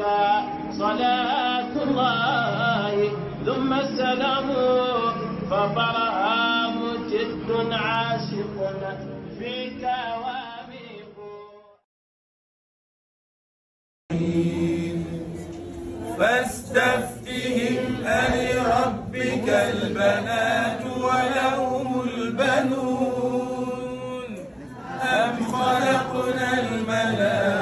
عليك صلاة الله ثم السلام فطرها مجد عاشق فيك واميق فاستفتهم ألربك البنات ولهم البنون أم خلقنا الملائكة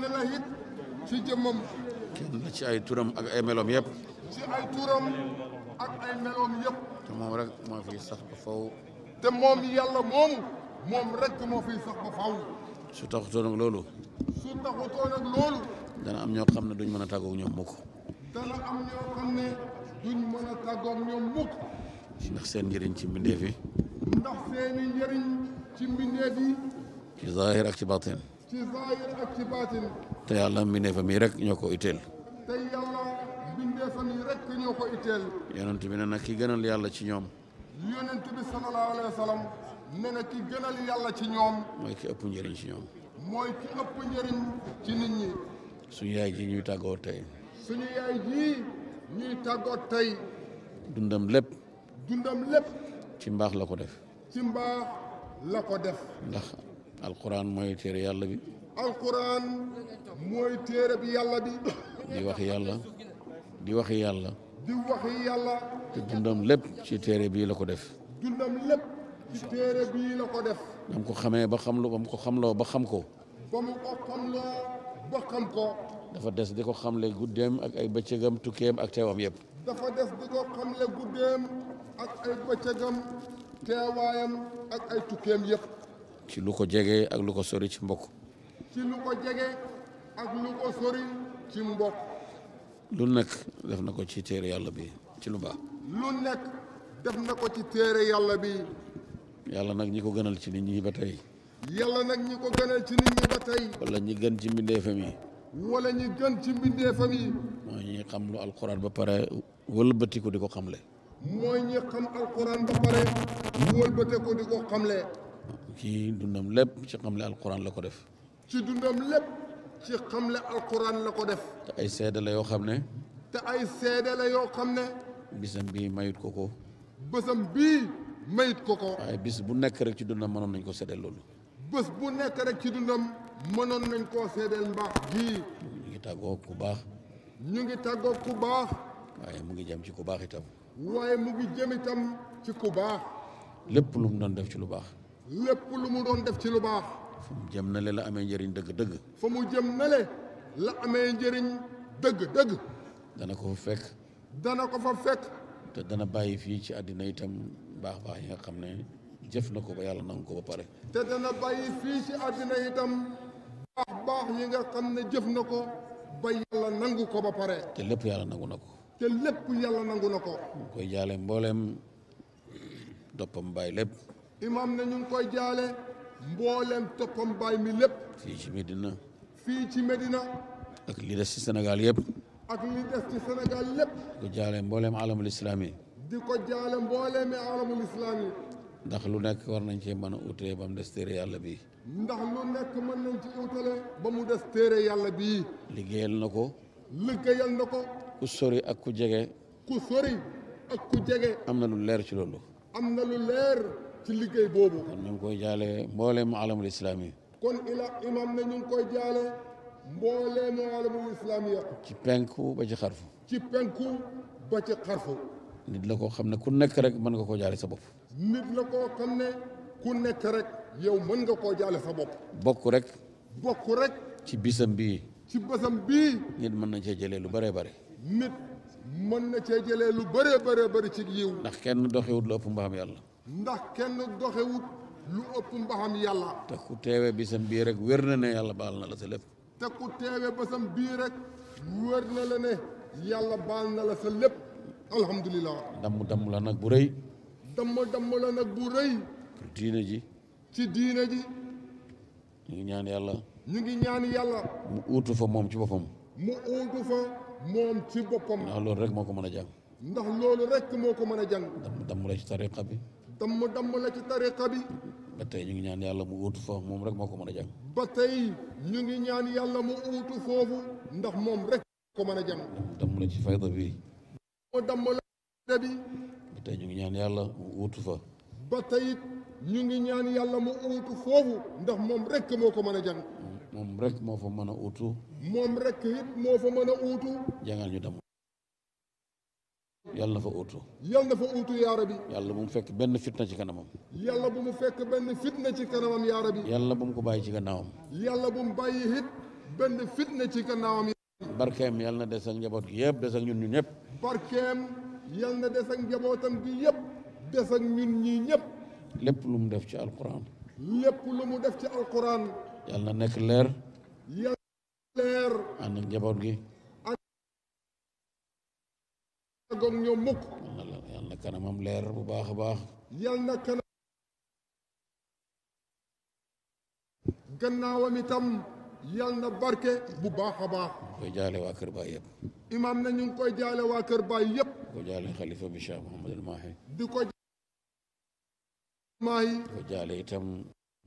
na la it ci jëmmam. kenn la ci ay turam ak ay meloom yëpp. ci ay turam ak ay meloom yëpp. te moom rek moo fiy sax ba faw. te moom yàlla moomu moom rek moo fiy sax ba faw. su taxutoon ak loolu. su taxutoon ak loolu. dana am ñoo xam ne duñ mën a tàggoog ñoom mukk. dana am ñoo xam ne duñ mën a tàggoog ñoom mukk. ndax seen njëriñ ci mbindeef yi. ndax seen i njëriñ ci mbindeef yi. ci zaahir ak ci baatin. ci zaahir ak ci baatin te yàlla mbindeefam yi rek ñoo ko itteel te yàlla rek ñoo ko itteel yonent bi ne ki gënal yàlla ci ñoom yonent bi sallallahu ki gënal yàlla ci ñoom mooy ki ëpp njëriñ ci ñoom mooy ki ëpp njariñ ci nit ñi suñu yaay ji ñuy tàggoo tey suñu yaay ji ñuy tàggoo tey dundam lépp dundam lépp ci mbaax la ko def ci mbaax la ko def ndax alquran mooy téere yàlla bi. alquran mooy téere bi yàlla bi. di wax yàlla di wax yàlla. di wax yàlla. te dundam lépp ci téere bii la ko def. dundam lépp ci téere bii la ko def. ba mu ko xamee ba xam lu ba mu ko xamloo ba xam ko. ba mu ko xamloo ba xam ko. dafa des di ko xamle guddeem ak ay bëccëgam tukkeem ak teewam yëpp. dafa des di ko xamle guddeem ak ay bëccëgam teewaayam ak ay tukkeem yëpp. ci lu ko jege ak lu ko sori ci mbokk ci lu nekk def na ko ci téere yàlla bi ci lu baax lu nekk def na ko ci téere yàlla bi yàlla nag ñi ko gënal ci nit ñi ba tey yàlla nag ñi ko gënal ci nit ñi ba tey wala ñi gën ci mbindeefam yi wala ñi gën ci mbindeefam yi mooy ñi xam lu alquran ba pare wëlbatiku di ko xamle mooy ñi xam alquran ba pare wëlbatiku di ko xamle kii dundam lépp ci xamle alquran la ko def. ci dundam lépp ci xamle alquran la ko def. te ay seede yoo xam ne. te ay seede yoo xam ne. bisam bii mayut ko ko. bésam bii mayut ko ko. waaye bis bu nekk rek ci dundam mënoon nañ ko seedeel loolu. bés bu nekk rek ci dundam mënoon nañ koo seedeel mbaax gii. ñu ngi tàggook ku baax. ñu ngi tàggoo ku baax. waaye mu ngi jëm ci ku baax itam. waaye mu ngi jëm itam ci ku baax. lépp lu mu doon def ci lu baax. lépp lu mu doon def ci lu baax. fu mu jëm nale la amee njariñ dëgg dëgg. fu mu jëm nale la amee njëriñ dëgg dëgg. dana ko fa fekk. dana ko fa fekk. te dana bàyyi fii ci àddina itam baax baax yi nga xam ne jëf na ko ba yàlla nangu ko ba pare. te nga ko ba nangu ko ba pare. lépp yàlla nangu na ko. te lépp yàlla nangu na ko. mu koy jaale mbooleem doppam bàyyi lépp. imam na ñu ngi koy jaale mboolem toppam baay mi lépp. fii ci Medina. fii ci Medina. ak li des ci Sénégal yëpp. ak li des ci Sénégal lépp. di jaale mboolem alamul islam di ko jaale mboolem alamul islam ndax lu nekk war nañ cee mën a utale ba mu des téere yàlla bii. ndax lu nekk mën nañ ci utale. ba mu des téere yàlla bi liggéeyal na ko. liggéeyal na ko. ku sori ak ku jege. ku sori ak ku jege. am na lu leer ci loolu. am na lu leer. ci liggéey boobu. kon ñu ngi koy jaale mbooleem alamul islam yi. kon ila imam ne ñu ngi koy jaale mbooleem alamul islam yi. ci penku ba ci xarfu. ci penku ba ci xarfu. nit la koo xam ne ku nekk rek mën nga koo jaale sa bopp. nit la ko xam ne ku nekk rek yow mën nga koo jaale sa bopp. bokk rek. bokk rek. ci bisam bi ci bisam bi nit mën na cee jëlee lu bëree bëri. nit mën na cee jëlee lu bëree bëree bëri ci yiw. ndax kenn doxiwut la ëpp mbaam yàlla. ndax kenn doxewut lu ëpp mbaxam yàlla te ku teewe bisam bii rek wér na ne yàlla baal na la sa te ku teewe bii rek wér na la ne yàlla baal na la sa lépp alhamdulilah damm damm la nag bu rëy damm damm la ji ci diina ji ñu ngi ñaan yàlla ñu ngi ñaan yàlla mu uutu fa moom ci boppam mu uutu fa moom ci boppam ndax loolu rek moo ko mën a jàng ndax loolu rek moo ko mën a jàng damm damm la ci tariqa bi damm damm la ci tariqa bi ba tey ñu ngi ñaan yàlla mu uutu foofu moom rek moo ko mën a jàng ba tey ñu ngi ñaan yàlla mu uutu foofu ndax moom rek ko mën a jàng damm la ci fayda bi damm ñu ngi ñaan yàlla mu uutu fa ba tey ñu ngi ñaan yàlla mu uutu moom rek moo ko mën a jàng moom rek moo fa mën a uutu moom rek it moo fa mën a uutu jàngal ñu damm yàlla na fa uutu yàlla na yàlla bu mu fekk benn fitna ci kanamam yàlla bu mu fekk benn fitna ci kanamam yaa rabi yàlla bu mu ko bàyyi ci gannaawam yàlla bu mu bàyyi it benn fitna ci gannaawam barkeem yàlla na des njaboot gi yëpp des ak ñun ñëpp barkeem yàlla na des ak njabootam gi yëpp des ak ñun ñi ñëpp lépp lu mu def ci alquran lépp lu mu def ci alquran yàlla na nekk leer yàlla leer ànd njaboot gi goog ñoom mukk yal na kanamam leer bu baax a baax yal na kanam gannaawam itam yal na barke bu baax a baax ñu koy jaale waa kër baay yëpp na ñu ngi koy jaale waa kër baay yëpp di ko jaale xalifa bi Cheikh Mouhamad El Mahi di ko Mahi di ko jaale itam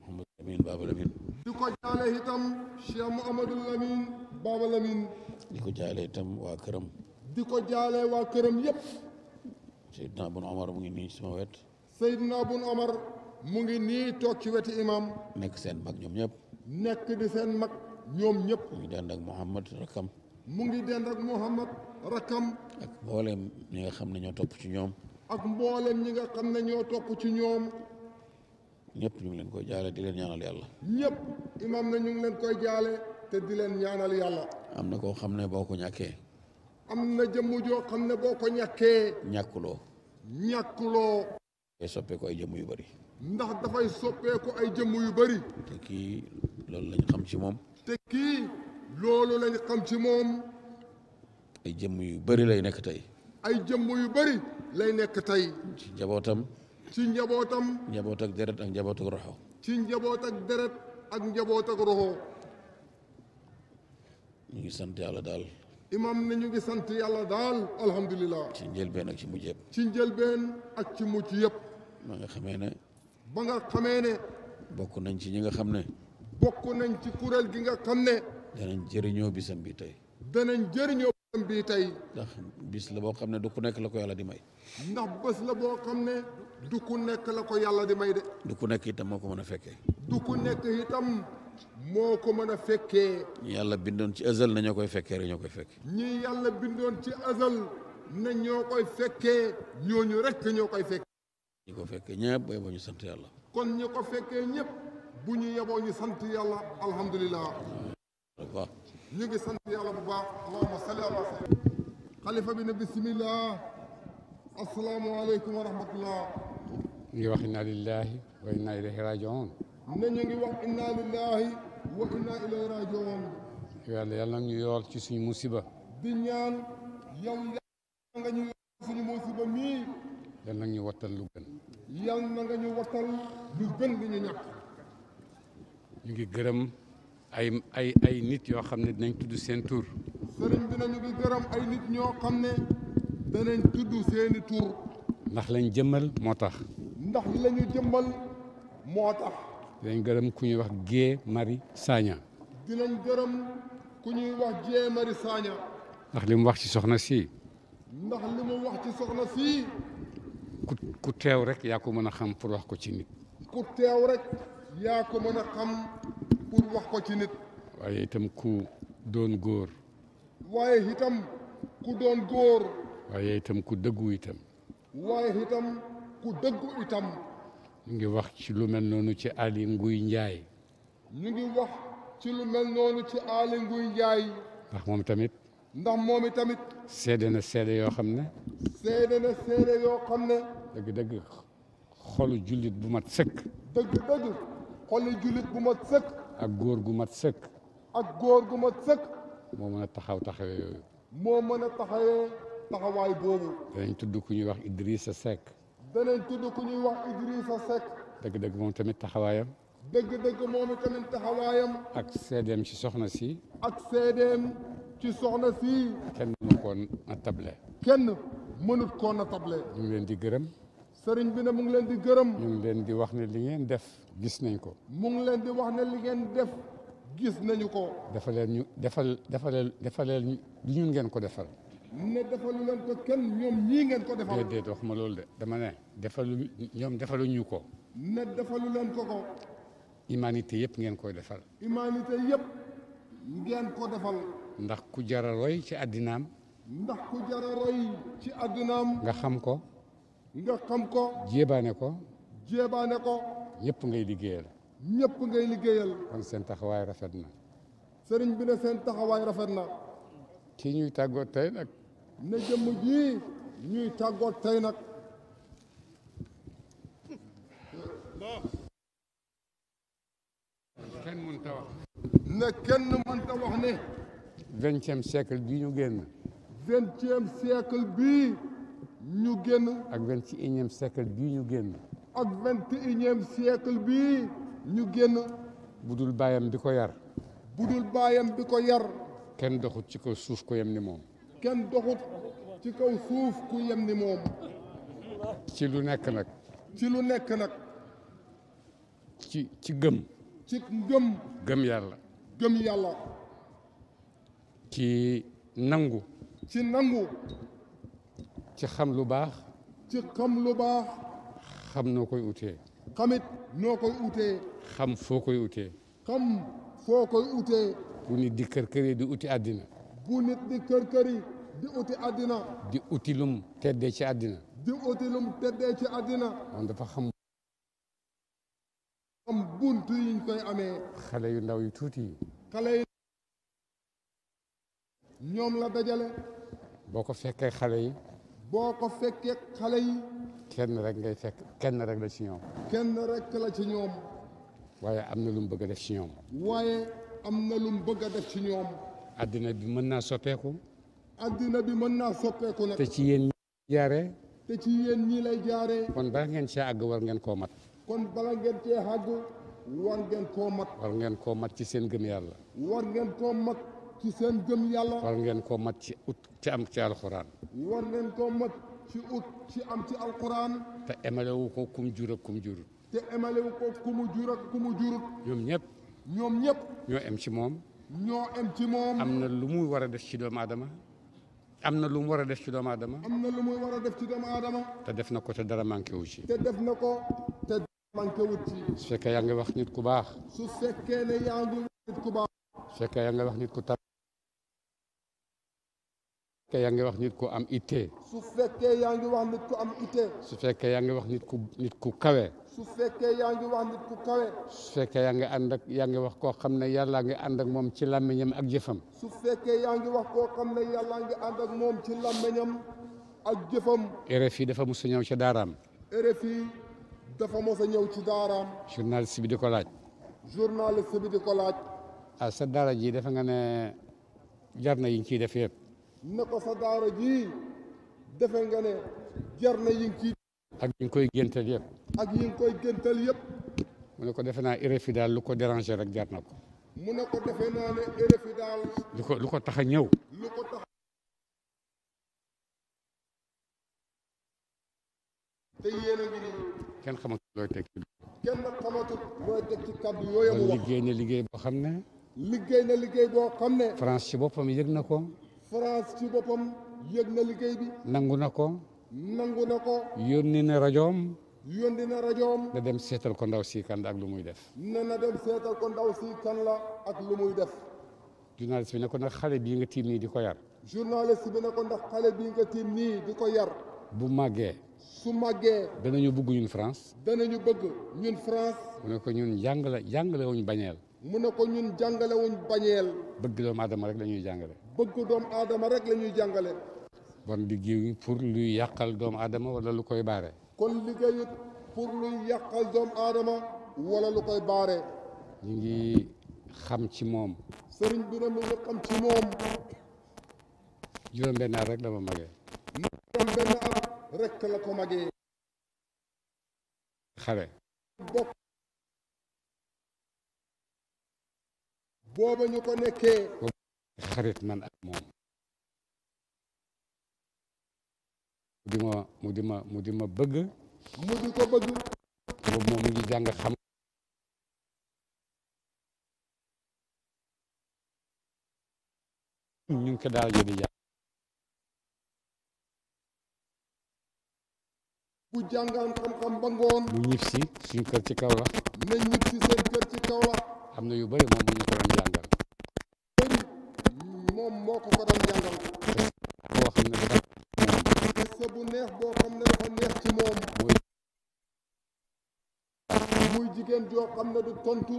Mouhamad Lamine Baba Lamine di ko jaale itam Cheikh jaale itam waa di ko jaalee waa këram yépp Seydina Bun Omar mu ngi nii sama wet Seydina Bun Omar mu ngi nii toog ci weti imam nekk seen mag ñoom ñëpp nekk di seen mag ñoom ñëpp mu ngi dend ak Muhammad rakkam mu ngi dend ak Muhammad rakkam ak mboolem ñi nga xam ne ñoo topp ci ñoom ak mboolem ñi nga xam ne ñoo topp ci ñoom ñëpp ñu leen koy jaale di leen ñaanal yàlla ñëpp imam na ñu ngi leen koy jaale te di leen ñaanal yàlla am na koo xam ne boo ko ñàkkee am na jëmm joo xam ne boo ko ñàkkee. ñàkkuloo. ñàkkuloo. day soppeeku ay jëmm yu bari. ndax dafay soppeeku ay jëmm yu bari. kii loolu lañ xam ci moom. te kii loolu ci moom. ay jëmm yu bari lay nekk tey. ay jëmm yu bari lay nekk tey. ci njabootam. ci njabootam. njaboot ak deret ak njaboot roxo. ci njaboot ak deret ak njaboot ak roxo. ñu ngi sant yàlla daal. imam nañu ngi sant yàlla daal alhamdulilah. ci njëlbeen ak ci mujj yëpp. ci njëlbeen ak ci mujj yëpp. ba nga xamee ne. ba nga xamee ne. bokk nañ ci ñi nga xam ne. bokk nañ ci kuréel gi nga xam ne. danañ jëriñoo bisam bi tey. danañ jëriñoo bisam tey. ndax bis la boo xam ne du ku nekk la ko yàlla di may. ndax bés la boo xam ne. du ku nekk la ko yàlla di may de. du ku nekk itam moo ko mën a fekkee. du ku nekk itam. moo ko mën a fekkee. ñi yàlla bindoon ci azal na ñoo koy fekkee rek ñoo koy fekkee. ñi yàlla bindoon ci azal na ñoo koy fekkee ñooñu rek ñoo koy fekkee. ñi ko fekkee ñëpp yeboo ñu kon ñi ko fekkee ñëpp bu ñu yeboo ñu sant yàlla alhamdulilah. ñu ngi sant yàlla bu baax allahumma salli ala xalifa bi ne bisimilah. asalaamualeykum wa rahmatullah. ngi wax inna lillahi wa inna ilayhi rajiun ne ngi wax inna lillahi wa inna ilayhi rajiun yàlla yàlla nag ñu yool ci suñu musiba di ñaan yow yàlla nga ñu yool suñu musiba mii yàlla lu na nga ñu wattal lu gën li ñu ñàkk ñu ngi gërëm ay ay ay nit yoo xam ne dinañ tudd seen tur sëriñ seeni tur ndax lañ jëmmal moo tax ndax lañu jëmmal moo tax dinañ gërëm ku ñuy wax Guy Marius saaña dinañ gërëm ku ñuy wax Guy Marius Sagna. ndax li mu wax ci soxna si. ndax li mu wax ci soxna si. ku teew rek yaa ko mën a xam pour ko ci nit. ku mën a xam pour wax ko ci nit. waaye itam ku doon góor. waaye itam ku doon góor. waaye itam ku dëggu itam. waaye itam ku dëggu itam. ñu ngi wax ci lu mel noonu ci Ali Nguy Njaay ñu ngi wax ci lu mel noonu ci Ali Nguy Njaay ndax moom tamit ndax moom tamit seede na seede yoo xam ne seede na seede yoo xam ne dëgg-dëgg xolu jullit bu mat sëkk dëgg-dëgg xolu jullit bu mat sëkk ak góor gu mat sëkk ak góor gu mat mën a taxaw taxawee yooyu moo mën a taxawee taxawaay boobu danañ tudd ku ñuy wax Idrissa Seck danañ tudd ku ñuy wax Idrissa Seck. dëgg-dëgg moom tamit taxawaayam. dëgg-dëgg moom tamit taxawaayam. ak seedeem ci soxna si. ak seedeem ci soxna si. kenn mënut ko na table. kenn mënut koo na table. ñu leen di gërëm. sëriñ bi ne mu ngi leen di gërëm. ñu leen di wax ne li ngeen def gis nañ ko. mu leen di wax ne li ngeen def gis nañu ko. defaleel ñu defal defaleel defaleel ñun ngeen ko defal. ne defalu ko kenn ñoom ñii ngeen ko defal. déedéet waxuma loolu de dama ne. defalu ñoom ko. ne defalu leen ko ko. humanité yëpp ngeen koy defal. humanité yëpp ngeen ko defal. ndax ku jar a ci àddinaam. ndax ku jar ci àddinaam. nga xam ko. nga xam ko. jéebaane ko. jéebaane ko. ñëpp ngay liggéeyal. ñëpp ngay liggéeyal. kon seen taxawaay rafet na. sëriñ bi ne seen taxawaay rafet na. kii ñuy tàggoo tey nag. ne jëmm ji ñuy tàggoot tey nag kenn mënta wax ne kenn mënta wax ne vingtième siècle bii ñu génn vingtième siècle bii ñu génn ak vingt et unième bii ñu génn ak vingt et unième bii ñu génn budul baayam bi ko yar budul baayam bi ko yar kenn doxut ci ko suuf ko yem ni moom kenn doxut ci kaw suuf ku yem ni moom ci lu nekk nag ci lu nekk nag ci ci gëm ci gëm gëm yàlla gëm yàlla ci nangu ci nangu ci xam lu baax ci xam lu baax xam noo koy utee xamit noo koy utee xam foo koy utee xam foo koy utee bu nit di kër yi di uti àddina bu nit di kër di uti àddina. di uti lum teddee ci àddina. di uti ci àddina. moom dafa xam. am bunt yi ñu amee. xale yu ndaw yu tuuti xale ñoom la dajale. boo ko fekkee xale yi. boo ko fekkee xale yi. kenn rek ngay fekk kenn rek la ci ñoom. kenn rek ci waaye am na lu mu bëgg a def ci ñoom. waaye am na lu mu bëgg a def ci ñoom. àddina bi mën naa soppeeku. addina bi mën naa soppeeku nag. te ci yéen ñi jaaree. te ci yéen ñii lay jaaree. kon bala ngeen cee àgg war ngeen koo mat. kon bala ngeen cee àgg war ngeen koo mat. war ngeen koo mat ci seen gëm yàlla. war ngeen koo mat ci seen gëm yàlla. ngeen koo mat ci ut ci am ci alxuraan. war ngeen koo mat ci ci am ci te emalewu ko kum jur ak kum jurut. te emalewu ko kumu jurut. ñoom ñëpp. ñoom ñëpp. ñoo em ci moom. ñoo em am na lu muy war a def ci doomu aadama. am na lu mu war a def ci doomu aadama. am na lu mu war a te def na ko te dara manqué wu ci. te def na ko te dara manqué wu su fekkee yaa ngi wax nit ku baax. su fekkee ne yaa wax nit ku baax. su fekkee yaa ngi wax nit ku am ittee. su fekkee yaa ngi wax nit ku nit ku kawe. su fekkee yaa ngi wax nit ku kawe. su fekkee yaa ngi ànd ak yaa ngi wax koo xam ne yàllaa ngi ànd ak moom ci làmmiñam ak jëfam. su fekkee yaa ngi wax koo xam ne yàllaa ngi ànd ak moom ci làmmiñam ak jëfam. RFI dafa mos a ñëw ci daaraam. RFI dafa mos a ñëw ci daaraam. journaliste bi di ko laaj. journaliste bi di ko laaj. ah sa daara ji dafa nga ne jar na ciy def yëpp. ak ñu ngi koy géntal yëpp. ak ñu ngi koy géntal mu ne ko defe naa RFI daal lu ko dérangé rek jar na ko. mu ne ko defe naa ne RFI daal. lu ko lu ko tax a ñëw. lu ko tax te yéen a kenn xamatul looy teg ci. kenn xamatul liggéey na liggéey boo xam ne. liggéey na liggéey boo xam ne. France ci boppam yëg na ko. France ci boppam yëg na liggéey bi. nangu na ko. nangu na ko. yónni na rajoom. yónni na rajoom. na dem seetal ko ndaw si kan ak lu muy def. ne na dem seetal ko ndaw si kan la ak lu muy def. journaliste bi nekko ko xale bii nga tiim nii di ko yar. journaliste bi ne ko ndax xale bii nga tiim nii di ko yar. bu màggee. su màggee. danañu bëgg ñun France. ñu bëgg ñun France. mu ne ñun jàngale jàngale bañeel. mu ne ko ñun jàngale bañeel. bëgg doomu aadama rek la ñuy jàngale. bëgg doomu aadama rek lañuy ñuy jàngale. bon liggéeyu pour luy yàqal doomu adama wala lu koy baare. kon liggéeyut pour luy doomu aadama wala lu koy baare. ñu ngi xam ci moom. sëriñ bi mi ngi xam ci moom. juróom benn at la ko magee. xale. bokk ñu ko nekkee. xarit man ak moom. mu di ma bëgg. mu di ko bëgg. boobu di jàng. xam-xam ba mu ñib si kër ci kaw na ñib si kër ci kaw am na yu bëri moom mu ñu ko doon jàngal. bëri moom moo ko ko doon jàngal. boo xam ne te bu neex boo xam ne dafa neex ci moom muy jigéen joo xam ne du tontu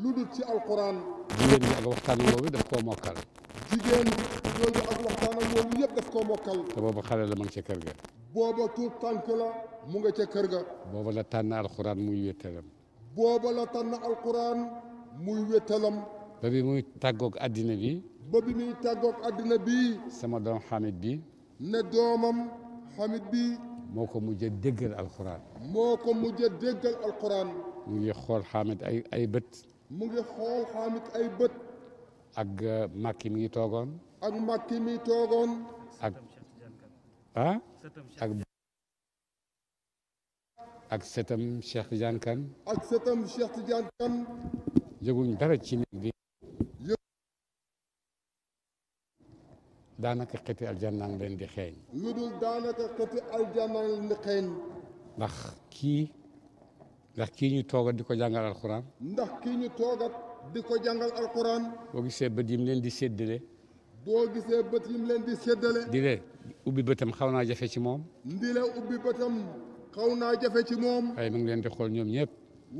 lu dul ci alquran jigéen bi ak waxtaan woowu daf koo mokkal jigéen jooju ak waxtaan ak woowu yëpp daf koo mokkal te booba xale la ma ngi ca kër ga booba tuut tànk la mu nga ca kër ga booba la tànn alquran muy wéttalam booba la tànn alquran muy wéttalam ba bi muy tàggoog àddina bi ba bi muy tàggoog àddina bi sama doom xamit bi ne doomam xamit bi moo ko mujj a déggal alquran moo ko mujj a déggal alquran mu ngi xool xaamit ay ay bët mu ngi xool xaamit ay bët ak uh, màkki mi toogoon ak màkki mi toogoon ak ah ak ak setam Cheikh Tidiane Kane ak setam Cheikh Tidiane Kane yëguñ dara ci nit bi daanaka xeeti aljanna leen di xeeñ. yu dul daanaka xeeti aljanna leen di xeeñ. ndax kii ndax kii ñu toogat di ko jàngal alxuraan. ndax kii ñu toogat di ko jàngal alxuraan. boo gisee bët yim leen di séddale. boo gisee bët yim leen di séddale. di leen ubbi bëtam xaw naa jafe ci moom. ndi leen ubbi bëtam xaw naa jafe ci moom. waaye mu ngi leen di xool ñoom ñëpp.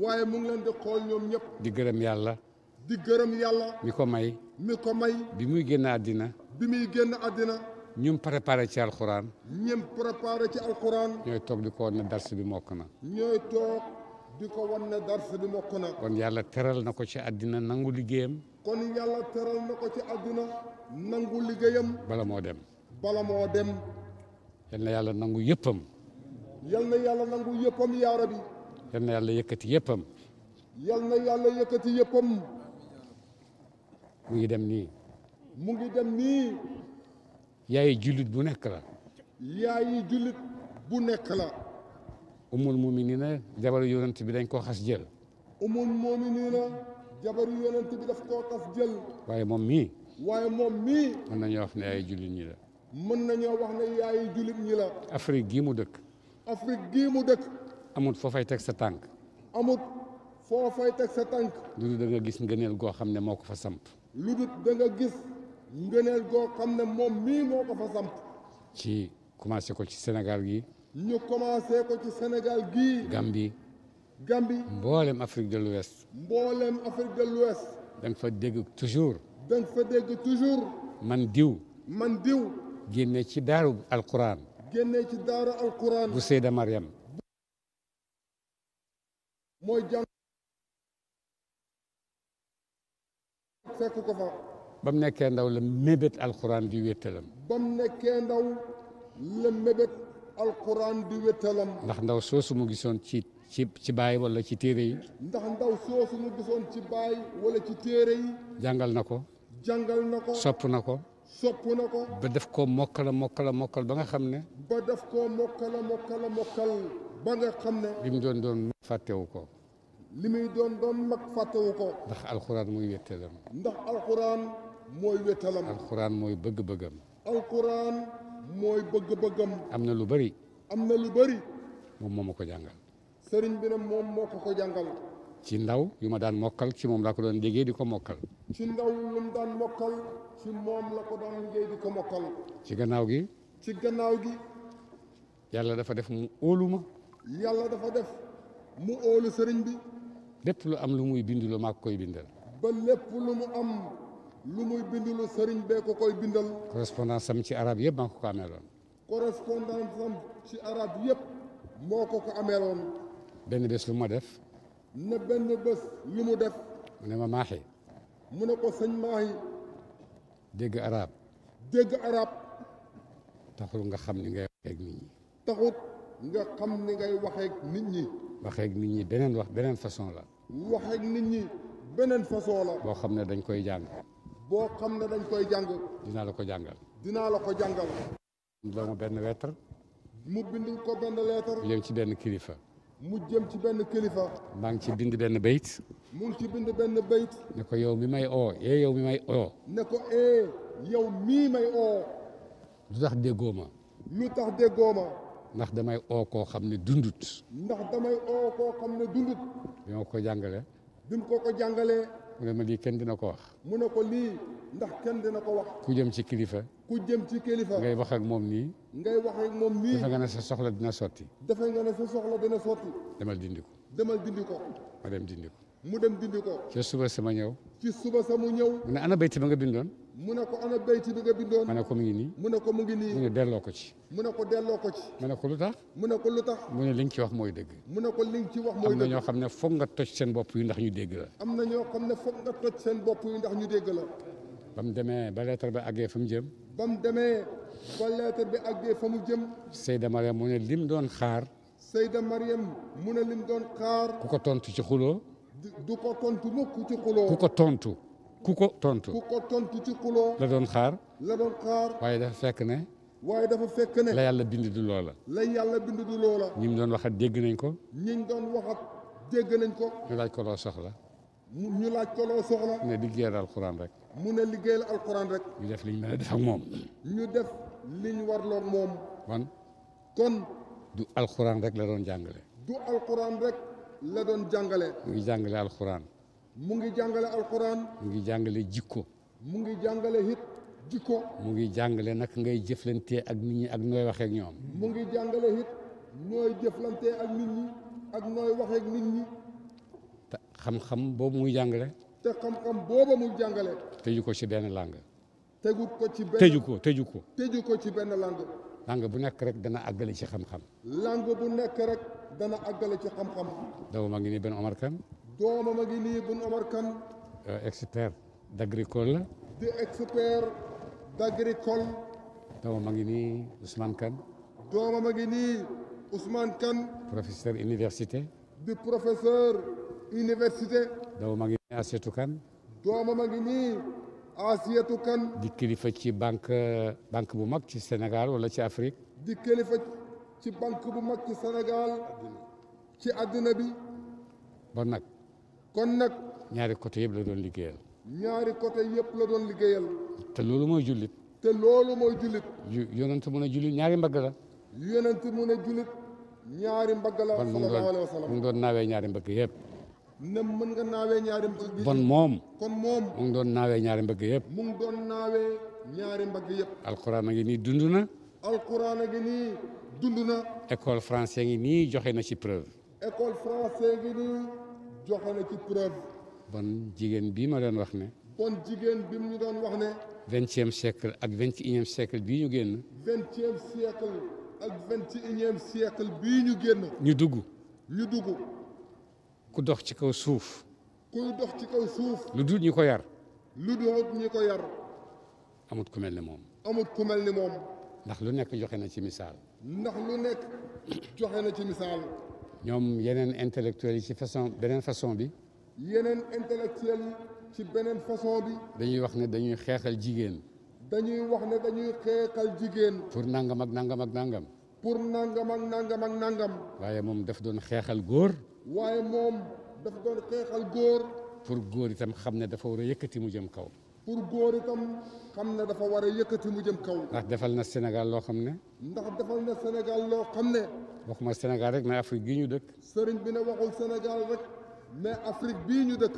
waaye mu ngi leen di xool ñoom ñëpp. di gërëm yàlla. di gërëm yàlla. mi ko may. mi ko may. bi muy génn àddina. bi muy génn àddina ñum préparé ci alxuraan ñum préparé ci alxuraan ñooy toog di ko wan bi mokk na ñooy toog di dars bi mokk na kon yàlla teral na ko ci àddina nangu liggéeyam kon yàlla teral na ko ci àddina nangu liggéeyam bala moo dem bala moo dem yal na yàlla nangu yëppam yal na yàlla nangu yëppam yaa rabbi yal na yàlla yëkkati yëppam yal yàlla yëkkati yëppam mu dem nii mu ngi dem yaayi jullit bu nekk la. yaayi jullit bu nekk la. umul muminina jabaru yonent bi dañ koo xas jël. umul muminina jabaru yonent bi daf koo xas jël. waaye moom mii. waaye moom mii. mën nañoo wax ne yaayi jullit ñi la. mën nañoo wax ne yaayi la. Afrique gii mu dëkk. Afrique gii mu dëkk. amut foo fay teg sa tànk. amut foo teg sa tànk. lu dul da nga gis ngëneel goo xam ne moo ko fa samp. lu dul da gis. ngëneel goo xam ne moom mii moo ko fa samp ci commencé ko ci Sénégal gi ñu commencé ko ci Sénégal gi Gambie Gambie mboolem Afrique de l'Ouest mboolem Afrique de l'Ouest da fa dégg toujours da nga fa dégg toujours man diw man diw génne ci daaru alquran génne ci daaru alquran bu Seyda Mariam ba mu nekkee ndaw la mébét alquran di wéttalam ba mu nekkee ndaw la mébét alquran di ndax ndaw soosu mu gisoon ci ci ci baay wala ci téere yi ndax ndaw soosu mu gisoon ci baay wala ci téere yi jàngal na ko jàngal na ko sopp na ko sopp na ko ba def koo mokkala mokkala mokkal ba nga xam ne ba def koo mokkala mokkala mokkal ba nga xam ne li mu doon doon fàttewu ko li muy doon doon mag fàttewu ko ndax alquran muy wéttalam ndax alquran mooy wétalam alxuraan mooy bëgg-bëggam. alxuraan mooy bëgg-bëggam. am na lu bari. am na lu bëri moom moo ko jàngal. sëriñ bi ne moom moo ko ko jàngal. ci ndaw yu ma daan mokkal ci moom laa doon déggee di ko mokkal. ci ndaw lu mu daan mokkal ci la ko daan liggéey di ko mokkal. ci gannaaw gi. ci gannaaw gi. yàlla dafa def mu óolu ma. dafa def mu óolu sëriñ bi. lépp lu am lu muy bind lu maa koy bindal. ba lépp lu mu am. lu muy bindulu sëriñ bee ko koy bindal. correspondance am ci arab yëpp maa ko ko ameeloon. correspondance am ci arab yëpp moo ko ko ameeloon. benn bés lu ma def. ne benn bés lu mu def. mu ne ma maaxi. mu ne ko sëñ maaxi. dégg arab. dégg arab. taxul nga xam ni ngay waxee ak nit ñi. taxut nga xam ni ngay waxee ak nit ñi. nit ñi beneen wax beneen façon la. waxee nit ñi beneen façon la. boo xam ne dañ koy jàng. boo xam ne dañ koy jàng. dinaa la ko jàngal. dinaa la ko jàngal. ba mu benn lettre. mu bind ko benn lettre. mu jëm ci benn kilifa. mu jëm ci benn kilifa. maa ngi ci bind benn bayit. mu ci bind benn bayit. ne ko yow mi may oo eh yow mi may oo. ne ko eh yow mii may oo. lu tax déggoo ma. lu tax déggoo ma. ndax damay oo koo xam ne dundut. ndax damay oo koo xam ne dundut. bi ma ko jàngalee. bi ko ko jàngalee. mu ne ma lii kenn dina ko wax. mu ne ko lii ndax kenn dina ko wax. ku jëm ci kilifa. ku jëm ci kilifa. ngay wax ak moom nii. ngay wax ak moom nii. defe nga ne sa soxla dina sotti. defe nga ne sa soxla dina sotti. demal dindi ko. demal dindi ko. ma mu dem dindi ko. ci suba sama ñëw. ci suba sama ñëw. mu ne ana bayt ba nga bindoon. mu ne ko ana béyti bi nga bindoon. ma ko mu ngi nii. mu ne ko mu ngi nii. mu delloo ko ci. mu ne ko delloo ko ci. ma ne ko lu tax. mu ne ko tax. mu li nga ci wax mooy dégg mu ne ko li nga ci wax mooy am na ñoo xam ne foog nga toj seen bopp yu ndax ñu dégg la. am na ñoo xam ne foog nga toj seen bopp yu ndax ñu dégg la. ba mu demee ba lettre ba àggee fa mu jëm. ba mu demee ba lettre bi àggee fa mu jëm. Seyda Mariam mu ne lim doon xaar. Seyda Mariam mu ne lim doon xaar. ku ko tontu ci xuloo. du ko tontu mukk ci xuloo. ku ko tontu. ku ko tontu ku ko tontu ci xuloo la doon xaar la doon xaar waaye dafa fekk ne waaye dafa fekk ne la yàlla bind du loola la yàlla bind du loola ñi doon waxat dégg nañ ko ñi ñu doon waxat dégg nañ ko ñu laaj ko loo soxla ñu laaj ko loo soxla mu ne liggéeyal alxuraan rek mu ne liggéeyal alxuraan rek ñu def liñ mën a def ak moom ñu def liñ warloog moom kon kon du alxuraan rek la doon jàngale du alxuraan rek la doon jàngale muy jàngale alxuraan mu ngi jàngale alquran. mu ngi jàngale jikko. mu ngi jàngale it jikko. mu ngi jàngale nag ngay jëflantee ak nit ñi ak nooy waxee ñoom. mu ngi jàngale it nooy jëflantee ak nit ñi ak nooy waxee ak ñi. te xam-xam boobu muy jàngale. te xam-xam boobu muy jàngale. tëju ko ci benn langue. tegu ko ci benn tëju te tëju ko. tëju ci benn langue. langue bu nekk rek dana àggale ci xam-xam. langue bu nekk rek dana àggale ci xam-xam. doomu maa ngi nii benn Omar Kane. doomam a ngi nii Boun Omar Kane euh, expert d'agricole la di expert d'agricole doomam a ngi nii Ousmane kan doomam a ngi nii Ousmane Kane professeur université di professeur université doomam a nii Assietou Kane di kilifa ci banque banque bu mag ci Sénégal wala ci Afrique di kilifa ci banque bu mag ci Sénégal ci àddina bi bon nag kon nag. ñaari côté yëpp la doon liggéeyal. ñaari côté yëpp la doon liggéeyal. te loolu mooy jullit. te loolu mooy jullit. yu yonent mun a jullit ñaari mbagg la. yonent mun a jullit ñaari mbagg la. sallallahu alayhi wa sallam ñaari mbagg yëpp. ne mën nga naawee ñaari mbagg. moom. kon moom mu doon naawee ñaari mbagg yëpp. mu ngi doon naawee ñaari mbagg yëpp. alquran a ngi nii dund na. alquran a ngi nii dund na. école français ngi nii joxe na ci preuve. école français ngi nii. joxe na ci preuve. bon jigéen bii ma doon wax ne. bon jigéen bi mu ñu doon wax ne. vingtième siècle ak vingt et unième bii ñu génn. vingtième siècle ak vingt et bii ñu génn. ñu dugg. ñu dugg. ku dox ci kaw suuf. kuy dox ci kaw suuf. lu dul ñu ko yar. lu dul ñu ko yar. amut ku mel ni moom. amut ku mel ni moom. ndax lu nekk joxe na ci misaal. ndax lu nekk joxe na ci misaal. ñoom yeneen intellectuels yi ci façon beneen façon bi. yeneen intellectuels yi ci beneen façon bi. dañuy wax ne dañuy xeexal jigéen. dañuy wax ne dañuy xeexal jigéen. pour nangam ak nangam ak nangam. pour nangam ak nangam ak nangam. waaye moom daf doon xeexal góor. waaye moom daf doon xeexal góor. pour góor itam xam ne dafa war a yëkkati mu jëm kaw. pour góor itam xam ne dafa war a yëkkati mu jëm kaw. ndax defal na Sénégal loo xam ne. ndax defal na Sénégal loo xam ne. waxuma Sénégal rek mais Afrique bii ñu dëkk. sëriñ bi ne waxul Sénégal rek mais Afrique bii ñu dëkk.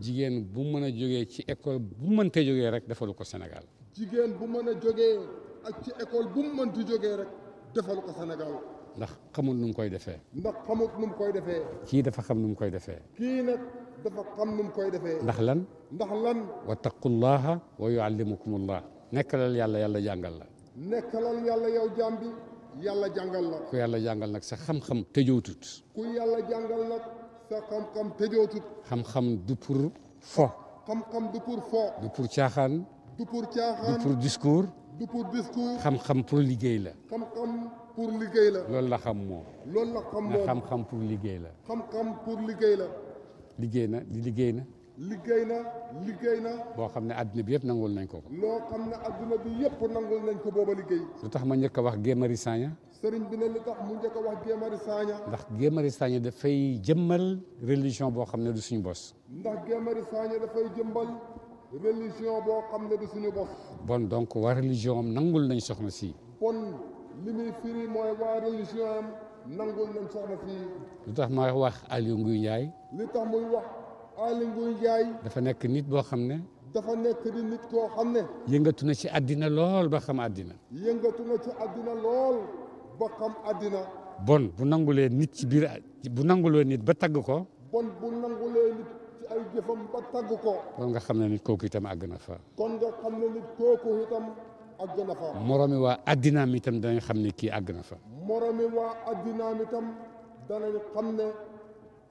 jigéen bu mën a jógee ci école bu mënte jogee rek defalu ko senegal jigéen bu mën a jógee ak école bu mu mënti jógee rek defalu ko Sénégal. ndax xamul num koy defee. ndax xamul nu defee. kii dafa xam nu koy defee. kii nag dafa xam nu koy defee. ndax lan. ndax lan. wattaqullaha wa yuallimukumullah nekkalal yàlla yàlla jàngal la. nekkalal yàlla yow jaam bi yàlla jàngal la. ku yàlla jàngal nag sa xam-xam tëjootut. ku yàlla jàngal nag sa xam-xam tëjootut. xam-xam du pour fo. xam-xam du pour fo. du pour caaxaan. du pour caaxaan du pour discours. du pour discours. xam-xam pour liggéey la. xam pour liggéey la. loolu la xam moom. loolu xam xam-xam liggéey la. xam-xam pour liggéey la. liggéey na di liggéey na. liggéey na liggéey na. boo xam ne adduna bi yëpp nangul nañ ko loo xam ne adduna bi yëpp nangul nañ ko booba liggéey. lu tax ma njëkk wax Guy Marius Sagna. sëriñ bi ne lu tax mu njëkk a wax Guy Marius jëmmal religion boo xam ne du suñu bos. ndax Guy Marius Sagna dafay jëmbal religion boo xam ne du suñu bos. bon donc waa religion am nangul nañ ma si. bon li muy firi mooy waa religion am nangul nañ soxna si. lu tax ma wax Aliou Nguy Ndiaye. li tax muy wax. Aly Ngouille Ndiaye. dafa nekk nit boo xam ne. dafa nekk di nit koo xam ne. yëngatu na ci àddina lool ba xam àddina. yëngatu na ci àddina lool ba xam àddina. bon bu nangulee nit ci biir bu nangulee nit ba tagg ko. bon bu nangulee nit ci ay jëfam ba tagg ko. kon nga xam ne nit kooku itam àgg na fa. kon nga xam ne nit kooku itam àgg na fa. moromi waa àddinaam itam xam ne kii àgg na fa. moromi waa àddinaam itam xam ne.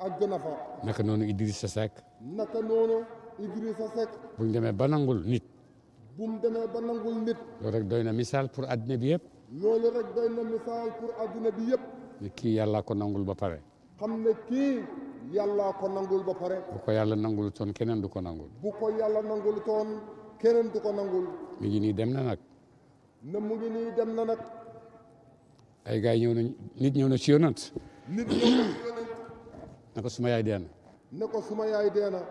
àgg na fa. naka noonu Idrissa Seck. naka noonu Idrissa Seck. bu ñu demee ba nangul nit. bu mu demee ba nangul nit. loolu rek doy na misaal pour adduna bi yëpp. loolu rek doy na misaal pour adduna bi yépp ne kii yàllaa ko nangul ba pare. xam ne kii ko nangul ba pare. bu ko yàlla nangul toon keneen du ko nangul. bu ko yàlla nangul toon keneen du ko nangul. mu ngi nii dem na nag. ne mu ngi nii dem na nag. ay gars yi nañ nit ñëw na ci naka ko suma yaay dee na. ko suma yaay dee na.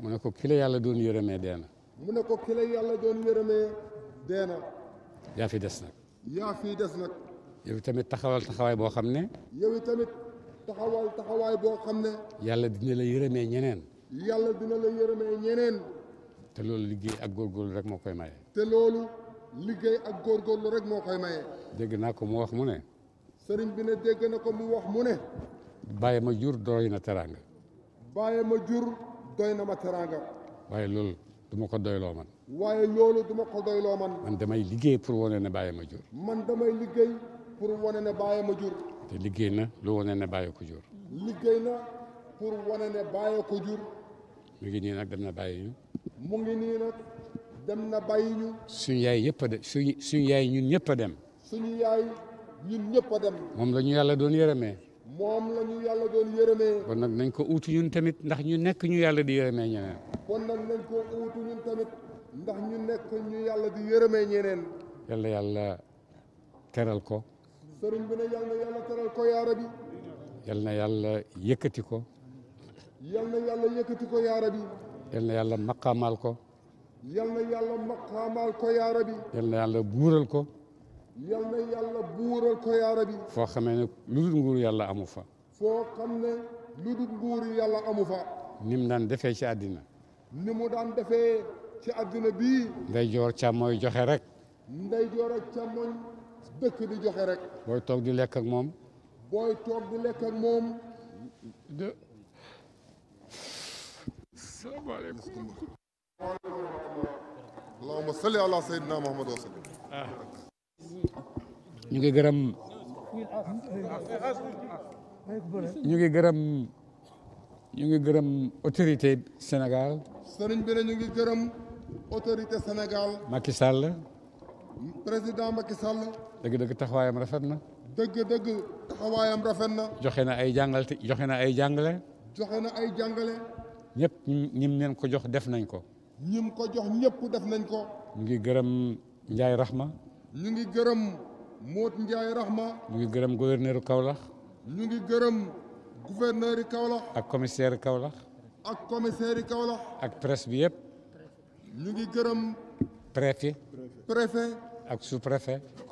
mu ne ko ki yàlla doon yërëmee dee na. mu ne ko ki yàlla doon yërëmee yaa fi des nag. yaa des nag. yow tamit taxawal taxawaay boo xam ne. yow tamit taxawal taxawaay boo xam ne. yàlla dina la yërëmee ñeneen. yàlla dina la yërëmee ñeneen. te loolu liggéey ak góorgóorlu rek moo koy maye. te loolu liggéey ak góorgóorlu rek moo koy maye. dégg naa ko mu wax mu ne. sëriñ bi dégg na ko mu wax mu ne. bàyyi ma jur doy na teraanga. bàyyi ma jur doy na ma teraanga. waaye loolu du ma ko doyloo man. waaye loolu du ma ko damay liggéey pour wane ne bàyyi ma jur. man damay liggéey pour wone na bàyyi ma jur. te liggéey na lu wone ne bàyyi ko jur. liggéey na pour wane ne bàyyi ko jur. mu ngi nii dem na bàyyi ñu. mu ngi nii dem na bàyyi ñu. suñu yaay yëpp a dem suñu suñu yaay ñun ñëpp a dem. suñu yaay moom la ñu yàlla doon yërëmee. moom la ñu yàlla doon yërëmee. kon nag nañ ko uutu ñun tamit ndax ñu nekk ñu yàlla di yërëmee ñeneen. kon nag nañ ko uutu ñun tamit ndax ñu nekk ñu yàlla di yërëmee ñeneen. yàlla yàlla teral ko. sëriñ bi na yàlla teral ko yaara bi. yàlla na yàlla yëkkati ko. yàlla na yàlla yëkkati ko yaara bi. yàlla na yàlla maqaamaal ko. yàlla na yàlla yaara bi. yàlla na yàlla buural ko. yal na yàlla buural ko yaa foo xamee ne lu dul nguuru yàlla amu fa foo xam ne lu dul nguuru yàlla amu fa ni mu daan defee ci àddina ni mu daan defee ci àddina bii nday joor càmmooy joxe rek nday joor ak càmmooñ di joxe rek booy toog di lekk ak moom booy toog di lekk ak moom salaamaaleykum ñu ngi gërëm ñu ngi gërëm ñu ngi gërëm autorité Sénégal. sëriñ bi ñu ngi gërëm autorité Sénégal. Macky Sall. président Macky Sall. dëgg-dëgg taxawaayam rafet na. dëgg-dëgg taxawaayam rafet na. joxe na ay jàngal joxe na ay jàngale. joxe na ay jàngale. ñëpp ñim leen ko jox def nañ ko. ñim ko jox ñëpp def nañ ko. ñu ngi gërëm Ndiaye Rahma. ñu ngi gërëm Moot Ndiaye Rahma. ñu ngi gërëm gouverneur Kaolack. ñu ngi gërëm gouverneur yi Kaolack. ak commissaire Kaolack. ak commissaire yi Kaolack. ak presse bi yëpp. ñu ngi gërëm. préfet. préfet. ak sous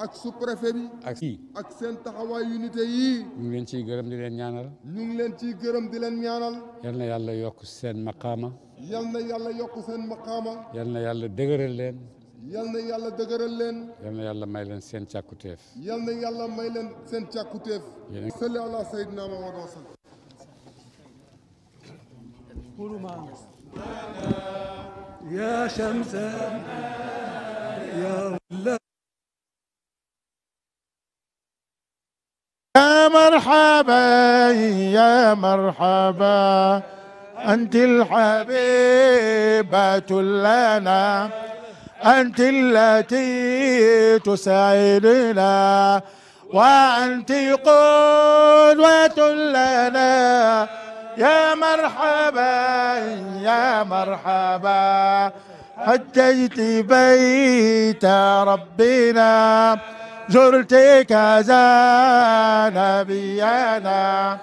ak sous bi. ak kii. ak seen taxawaay unité yii. ñu ngi leen ciy gërëm di leen ñaanal. ñu ngi leen ci gërëm di leen ñaanal. yal na yàlla yokk seen maqaama. yal na yàlla yokk seen maqaama. yal na yàlla dëgëral leen. yal na yàlla dëgëral leen yal na yàlla may leen seen càkkutéef yal na yàlla may leen seen càkkutéef salli ala sayyidina Muhammad wa sallam يا شمس يا يا مرحبا يا مرحبا أنت الحبيبة لنا أنت التي تساعدنا وأنت قدوة لنا يا مرحبا يا مرحبا حججت بيت ربنا زرت كذا نبينا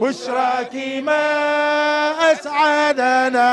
بشراك ما أسعدنا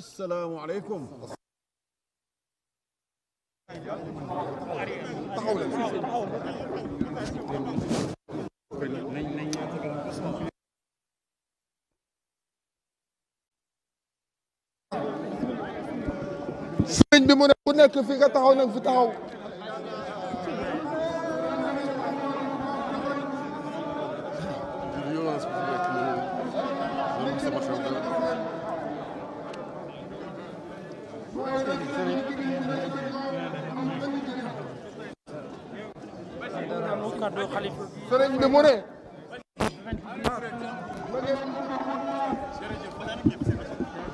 asalaamualeykum sëriñ bi mu ne ku nekk fi nga taxaw nag fi taxaw sëriñ bi mu ne.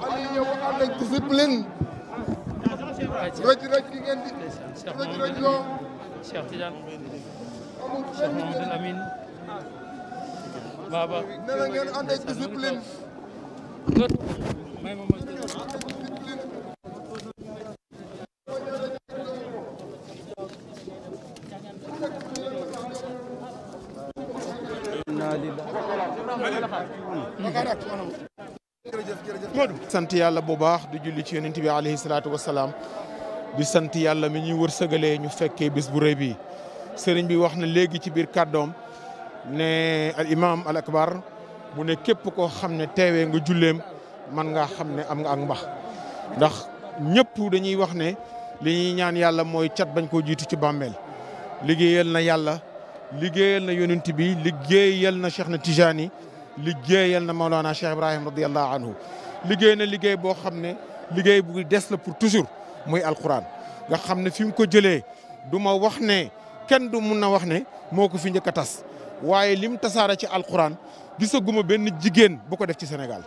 Aliou yow am nañ discipline. rëj-rëj gi ngeen di. rëj-rëj loo. Cheikh Tidiane. Cheikh Mamadou Amine. Baba. nee na ngeen am nañ discipline. sant yàlla bu baax du julli ci yonent bi alayhi salaatu wasalaam di sant yàlla mi ñuy wërsëgalee ñu fekkee bis bu rëy bi sëriñ bi wax na léegi ci biir kàddoom ne al imam al akbar mu ne képp koo xam ne teewee nga julleem man nga xam ne am nga ak mbax ndax ñëpp dañuy wax ne li ñuy ñaan yàlla mooy cat bañ koo jiitu ci bàmmeel liggéeyal na yàlla liggéeyal na yonent bi liggéeyal na Cheikh na Tijani liggéeyal na Maulana Cheikh Ibrahim radiyallahu anhu liggéey na liggéey boo xam ne liggéey bu des la pour toujours muy alquran nga xam ne fi mu ko jëlee du ma wax ne kenn du mun na wax ne moo ko fi njëkk a tas waaye lim tasaare ci alxuraan gisaguma benn jigéen bu ko def ci senegal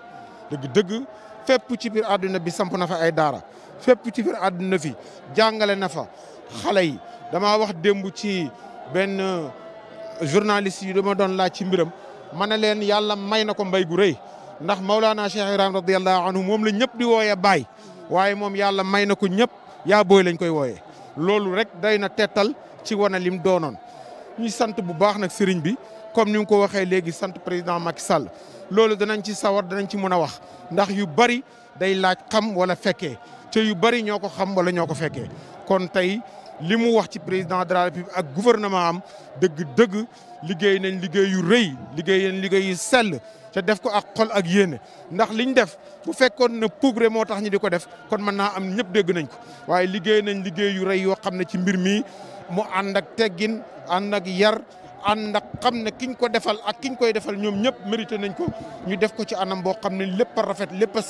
dëgg-dëgg fépp ci biir àdduna bi samp na fa ay daara fépp ci biir àdduna fi jàngale na fa xale yi dama wax démb ci benn journaliste yi dama doon laaj ci mbiram. ma ne leen yàlla may na ko mbay gu rëy ndax Maulana Cheikh Ibrahim radiyallahu anhu moom la ñëpp di wooyee baay waaye moom yàlla may na ko ñëpp yaa booy lañ koy wooyee loolu rek day na tettal ci wana lim doonoon. ñu sant bu baax nag sëriñ bi comme ni nga ko waxee léegi sant président Macky Sall loolu danañ ci sawar danañ ci mën a wax ndax yu bari day laaj xam wala fekkee te yu bari ñoo ko xam wala ñoo ko fekkee kon tey. li mu wax ci président de la ak gouvernement am dëgg-dëgg liggéey nañ liggéey yu rëy liggéey nañ liggéey sell te def ko ak xol ak yéene ndax liñ def bu fekkoon na progrès moo tax ñi di ko def kon mën naa am ñëpp dégg nañ ko waaye liggéey nañ liggéeyu rey yoo xam ne ci mbir mi mu ànd ak teggin ànd ak yar ànd ak xam ne kiñ ko defal ak kiñ koy defal ñoom ñëpp mérité nañ ko ñu def ko ci anam boo xam ne lépp a rafet lépp a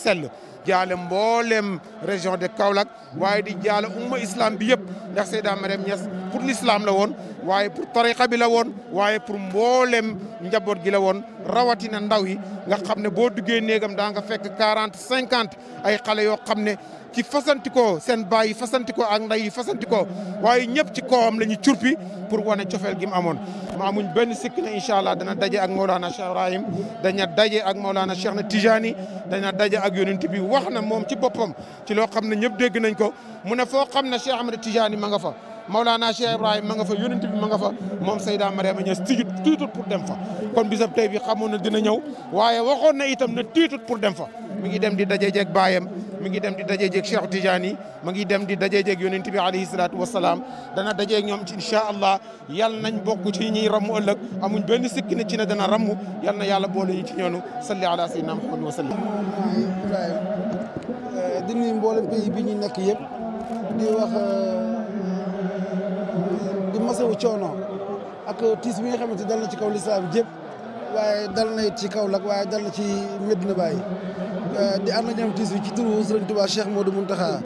jaale mboolem région de Kaolack waaye di jaale umma islam bi yëpp ndax Seyda Mariam Niass pour l'islam la woon waaye pour tariqa bi woon waaye pour mbooleem njaboot gi la woon rawatina ndaw yi nga xam ne boo duggee néegam daa nga fekk quarante cinquante ay xale yoo xam ne ci fasantikoo seen baay yi fasantikoo ak nday yi fasantikoo waaye ñëpp ci kawam la ñu curpi pour wane cofeel gi mu amoon ma amuñ benn sikk ne incha allah dana daje ak Mawlana Cheikh Ibrahim dana daje ak Mawlana Cheikh na Tijani dana daje ak yonent bi wax na moom ci boppam ci loo xam ne ñëpp dégg nañ ko mu ne foo xam ne Cheikh Ahmed Tijani ma nga fa Mawlana Cheikh Ibrahima ma nga fa yonent bi ma nga fa moom Seyda Mariama Niass tiitut tiitut pour dem fa kon bisab tey bi xamoon na dina ñëw waaye waxoon na itam na tiitut pour dem fa mi ngi dem di dajeejeeg baayam mi ngi dem di dajeejeeg Cheikh Tidiane ma ngi dem di dajeejeeg yonent bi alayhi salaatu wasalaam dana dajeeg ñoom ci incha allah yal nañ bokk ci ñuy ramm ëllëg amuñ benn sikki ne ci ne dana ramm yal na yàlla boole ñu ci ñoonu salli ala sayyidina Muhammad wa sallam di nuyu mboolem pays bi ñu di wax di masawu coono ak tiis mi nga xamante dal na ci kaw lislaam jëpp waaye dal na ci Kaolack waaye dal na ci Medina Baye euh, di ànd ñoom tiis bi ci turu Sëriñ Tuubaa Cheikh Modou Mountakha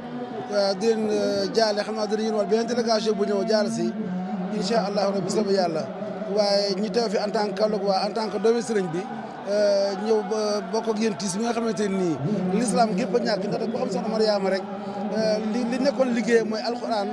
euh, di leen euh, jaale xam naa dinañu war beneen délégation bu ñëw jaal si incha allahu rabbi sama yàlla waaye ñi teew tant que Kaolack tant que doomi bi ñëw ba bokk ak yéen tiis bi nga xamante nii l'islam gépp a ñàkk ndax bu xam soxna Mariama rek li nekkoon liggéey mooy alquran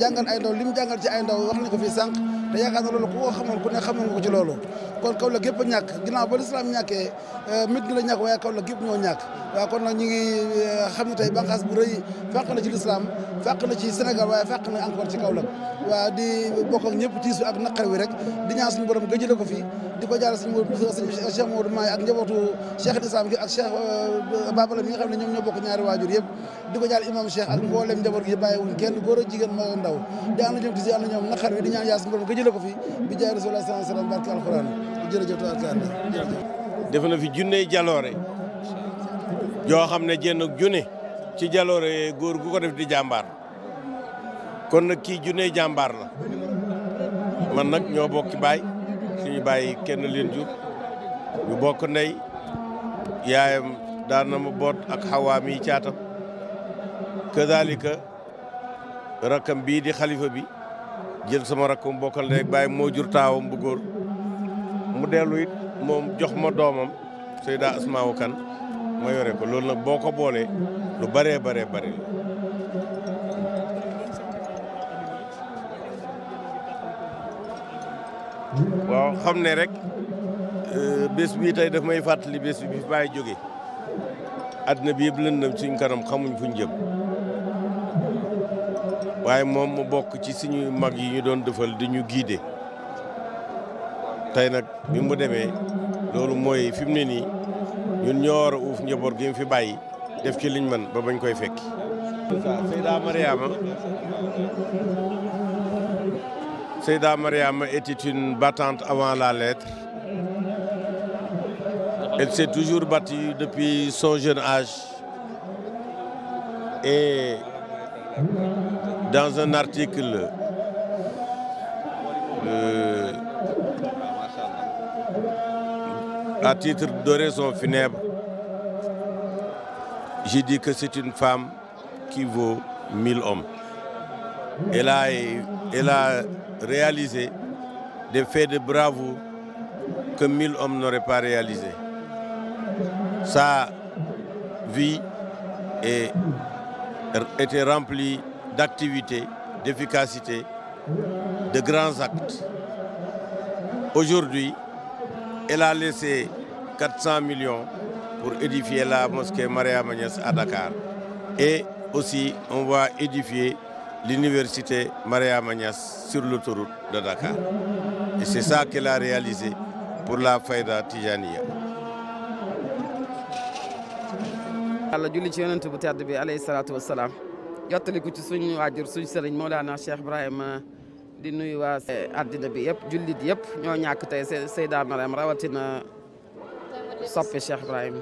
jàngal ay ndaw li mu jàngal ci ay ndaw wax nañ ko fii sànq te yaakaar loolu ku ko xamoon ku ne xamoon nga ko ci loolu kon kaw la gépp a ñàkk ginnaaw ba lislaam ñàkkee euh, mit gi la ñàkk waaye kaw la gépp ñoo ñàkk waaw kon nag ñu ngi euh, xam ne tey bànqaas bu rëy fànq la ci lislaam fàq na ci Sénégal waaye fàq na encore ci Kaolack waaw di bokk ak ñëpp tiisu ak naqar wi rek di ñaan suñu borom gëjële ko fi di ko jaarale suñu sëñ Cheikh Modou Maye ak njabootu Cheikh Islam gi ak Cheikh euh, Babala mi nga xam ne ñoom ñoo bokk ñaari waajur yëpp di ko jaarale imam Cheikh ak mboolem njaboot gi bàyyiwuñ kenn góor ak jigéen mag ak ndaw di ànd ñoom tiisu ànd ñoom naqar wi di ñaan yaa suñu borom gëjële ko fi bi jaay Rasulullah sallallahu alayhi wasallam barke alquran jërëjëf tabarkal jërëjëf def na fi junney jaloore xam ne jenn ak junne ci jaloore góor gu ko def di jàmbaar kon nag kii junne jàmbaar la man nag ñoo bokki baay suñu baay kenn leen jur bokk ney yaayam daan na boot ak xawaam yi caatam kazalika rakkam bii di xalifa bi jël sama rakkam bokkal ndey baay moo jur taawam bu góor mu dellu moom jox ma doomam Seyda Asmaawu Kan ma yore ko loolu nag boo ko boolee lu bëree bëree bëri la. xam ne rek euh, bés bii tey daf may fàttali bés bi fi bàyyi jóge àddina bi yëpp lëndëm suñ kanam xamuñ fuñ jëm waaye moom mu bokk ci suñu mag yi ñu doon defal di ñu giide tey nag bi mu demee loolu mooy fi mu ne nii. ñun ñoo war a uuf gi mu fi bàyyi def ci liñ mën ba bañ koy fekk Seyda Mariama Seyda Mariama était une battante avant la lettre. Elle s'est toujours battue depuis son jeune âge. Et dans un article à titre d'oraison funèbre, j'ai dit que c'est une femme qui vaut mille hommes. Elle a, réalisé des faits de bravoure que mille hommes n'auraient pas réalisé. Sa vie est, était remplie d'activité, d'efficacité, de grands actes. Aujourd'hui, elle a laissé 400 millions pour édifier la mosquée Mariam Agnès à Dakar. Et aussi, on va édifier l'université Mariam Agnès sur l'autoroute de Dakar. Et c'est ça qu'elle a pour la Faïda Tijaniya. yàlla julli ci yonent bu tedd bi alayhi wasalaam jottaliku ci suñu waajur suñu sëriñ Mawlana Cheikh Ibrahima di nuyu waa addina bi yëpp jullit yëpp ñoo ñàkk tey Seyda Mariam rawatina soppi Cheikh Ibrahim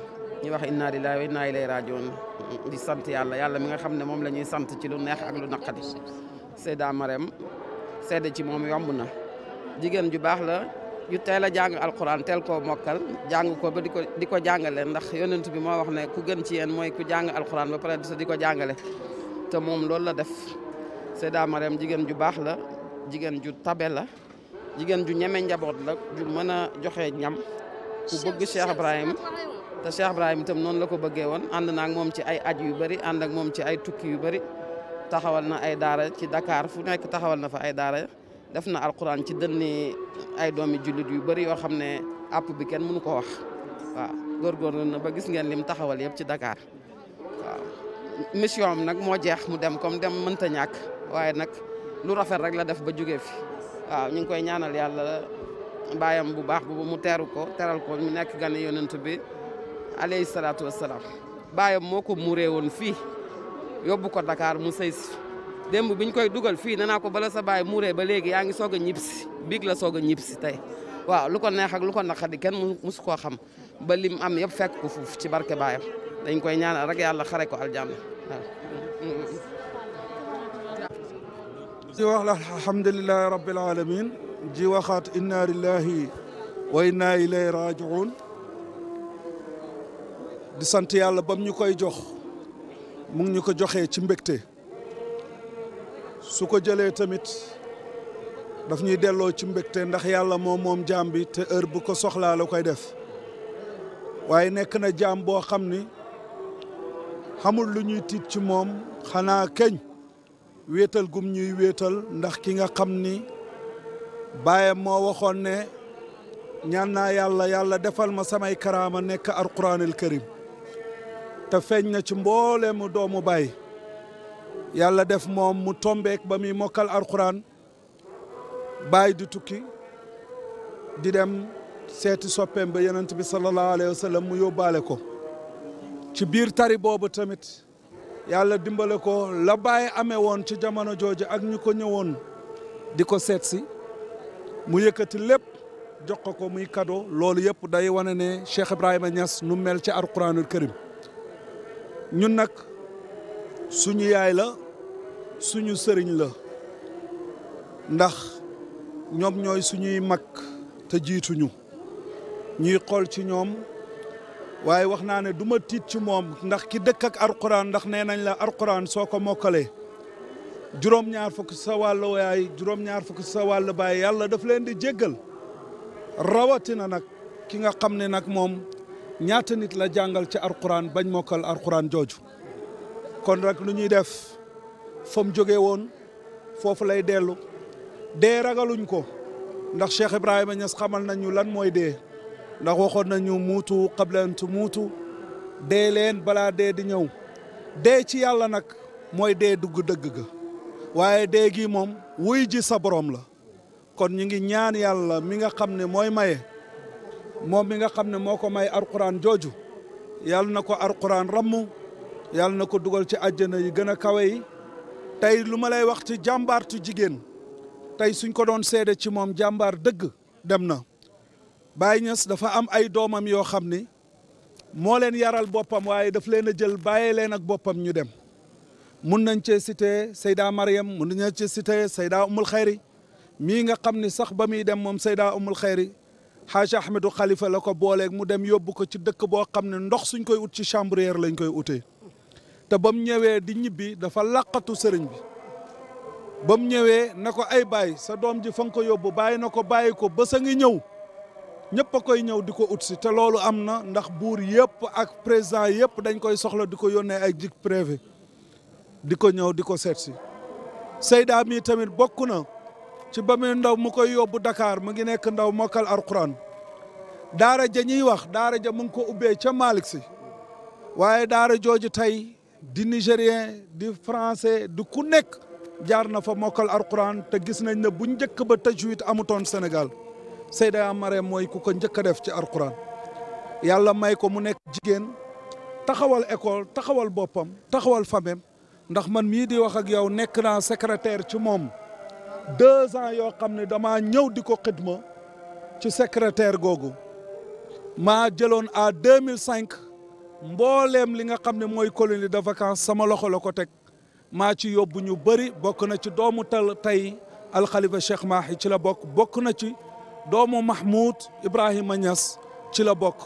ñu wax inna lillahi wa inna ilayhi rajiun sant yàlla yàlla mi nga xam ne moom la ñuy sant ci lu neex ak lu naqadi Seyda Mariam seede ci moom yomb na jigéen ju baax la ju teel a jàng alquran teel koo mokkal jàng ko ba di ko di ko jàngale ndax yonent bi moo wax ne ku gën ci yéen mooy ku jàng alquran ba pare di ko jàngale te moom loolu la def Seyda Mariam jigéen ju baax la jigéen ju tabe la jigéen ju ñeme njaboot la ju mën a joxe ñam ku bëgg Cheikh Ibrahim te Cheikh Ibrahim itam noonu la ko bëggee woon ànd naa moom ci ay aj yu bari ànd ak moom ci ay tukki yu bari taxawal na ay daara ci dakaar fu nekk taxawal na fa ay daara def na alquran ci dënni ay doomi jullit yu bari yoo xam ne app bi kenn mënu ko wax waaw góorgóorlu na ba gis ngeen lim taxawal yëpp ci dakaar waaw mission nag moo jeex mu dem kom dem mënta ñàkk waaye nag lu rafet rek la def ba jógee fi waaw ñu ngi koy ñaanal yàlla baayam bu baax bu mu teeru ko teral ko mu nekk gan yonent bi alayhi salaatu wassalaam baayam moo ko muuree woon fii yóbbu ko Dakar mu sëy demb démb biñ koy dugal fii nanaa ko bala sa baay muuree ba léegi yaa ngi soog a ñibbisi biig la soog a ñibbisi tey waaw lu ko neex ak lu ko naqadi kenn musu koo xam ba lim am yëpp fekk ko foofu ci barke baayam dañ koy ñaanal rek yàlla xare ko aljanna di wax la alhamdulilahi rabbil alamin ji waxaat inna lillahi wa inna ilayhi rajiun di sant yàlla bam ñu koy jox mu ñu ko joxe ci mbégte su ko jëlee tamit daf ñuy delloo ci mbégte ndax yàlla moom moom jaam bi te heure bu ko soxlaa la koy def waaye nekk na jaam boo xam ni xamul lu ñuy tiit ci moom xanaa keñ wéetal gum ñuy wéetal ndax ki nga xam ni baayam moo waxoon ne ñaan naa yàlla yàlla defal ma samay karaama nekk alquraanil karim te feeñ na ci mboole mu doomu baay yàlla def moom mu tombeek ba muy mokkal alquraan baay di tukki di dem seeti soppeem ba yonent bi sallallahu alayhi wa mu yóbbaale ko ci biir tari boobu tamit yàlla dimbale ko la bàyyi amee woon ci jamono jooju ak ñu ko ñëwoon di ko seet si mu yëkkati lépp jox ko ko muy cadeau loolu yëpp day wane ne Cheikh Ibrahima ñas nu mel ci alquranul karim ñun nag suñu yaay la suñu sëriñ la ndax ñoom ñooy suñuy mag te jiituñu ñuy xool ci ñoom waaye wax naa ne du ma tiit ci moom ndax ki dëkk ak alquran ndax nee nañ la alquran soo ko mokkalee juróom-ñaar fukk sa wàllu waay juróom-ñaar fukk sa wàllu baay yàlla daf leen di jéggal rawatina nag ki nga xam ne nag moom ñaata nit la jàngal ci alquran bañ mokkal alquran jooju kon rek lu ñuy def fa mu jóge woon foofu lay dellu dee ragaluñ ko ndax Cheikh Ibrahima ñas xamal nañu lan mooy dee ndax waxoon nañu muutu qabla muutu tumuutu leen balaa dee di ñëw dee ci yàlla nag mooy dee dugg dëgg ga waaye dee gi moom wuy ji sa la kon ñu ngi ñaan yàlla mi nga xam ne mooy maye moom mi nga xam ne moo ko may alquran jooju yàlla na ko alquran ramm yàlla na ko dugal ci àjjana yi gën a kawe yi tey lu ma lay wax ci jàmbaartu jigéen tey suñ ko doon seede ci moom jàmbaar dëgg dem na bàyyi Niass dafa am ay doomam yoo xam ni moo leen yaral boppam waaye daf leen a jël bàyyee leen ak boppam ñu dem mun nañ cee cité seydaa Mariam mun nañ cee cité Seyda Umul Xayri mii nga xam ni sax ba muy dem moom Seyda Umul Xayri Haaj Ahmedu Xalifa la ko booleek mu dem yóbbu ko ci dëkk boo xam ne ndox suñ koy ut ci chambrière lañu koy utee te ba mu ñëwee di ñibbi dafa làqatu sëriñ bi ba mu ñëwee na ko ay baay sa doom ji fa nga ko yóbbu bàyyi na ko bàyyi ko bés a ngi ñëw ñëpp a koy ñëw di ko ut si te loolu am na ndax buur yëpp ak président yëpp dañ koy soxla di ko yónnee ay jig privé di ko ñëw di ko seet si Seyda mii tamit bokk na ci ba muy ndaw mu koy yóbbu dakaar mu ngi nekk ndaw mokkal alquran daara ja ñuy wax daara ja mu ngi ko ubbee ca Malick si waaye daara jooju tey di nigérien di français di ku nekk jaar na fa mokkal alquran te gis nañ ne bu njëkk ba tajwid amutoon Sénégal Seyda Mariam mooy ku ko njëkk a def ci alquran yàlla may ko mu nekk jigéen taxawal école taxawal boppam taxawal famem ndax man mii di wax ak yow nekk naa secrétaire ci moom deux ans yoo xam ne dama ñëw di ko xidma ci secrétaire googu maa jëloon à deux mille cinq mbooleem li nga xam ne mooy colonie de vacances sama loxo la ko teg maa ci yóbbu ñu bëri bokk na ci doomu tal tey alxalifa Cheikh Mahi ci la bokk bokk na ci doomu Mahmoud Ibrahima Niass ci la bokk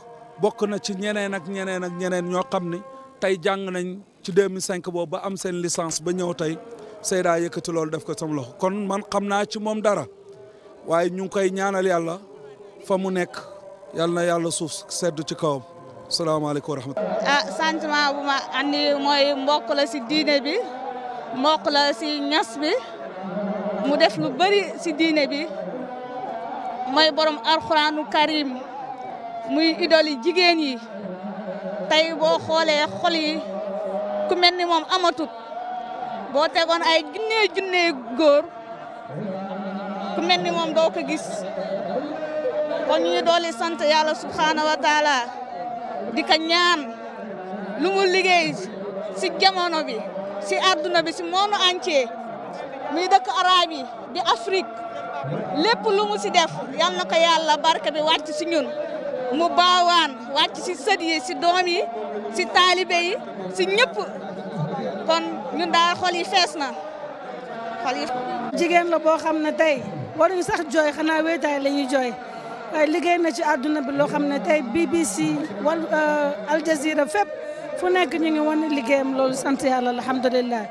bokk na ci ñeneen ak ñeneen ak ñeneen ñoo xam ni tey jàng nañ ci 2005 boobu ba am seen licence ba ñëw tey Seydaa yëkkati loolu def ko sama kon man xam naa ci moom dara waaye ñu ngi koy ñaanal yàlla fa mu nekk yàlla na yàlla suuf sedd ci kawam salaamaaleykum wa rahmatulah. ah sentiment bu ma andi mooy mbokk la si diine bi mbokk la si ñas bi mu def lu bëri si diine bi. mooy borom alxuraanu karim muy idole yi jigéen yi tey boo xoolee xol yi ku mel moom amatut boo tegoon ay junne góor ku mel ni moom doo ko gis ñu doole sant yàlla subhaana wa taala di ko ñaan lu mu liggéey si jamono bi si àdduna bi si monde entier muy dëkk araab di Afrique lépp lu mu si def yal na ko yàlla barke bi wàcc si ñun mu baawaan wàcc si sët si doom yi si taalibe yi si ñëpp kon ñun daal xol yi fees na xol jigéen la boo xam ne tey waruñu sax jooy xanaa wéetaay la ñuy jooy waaye liggéey na ci adduna bi loo xam ne tey BBC wal euh, Al Jazeera fépp. fu nekk ñu ngi wane liggéeyam loolu sant yàlla alhamdulilah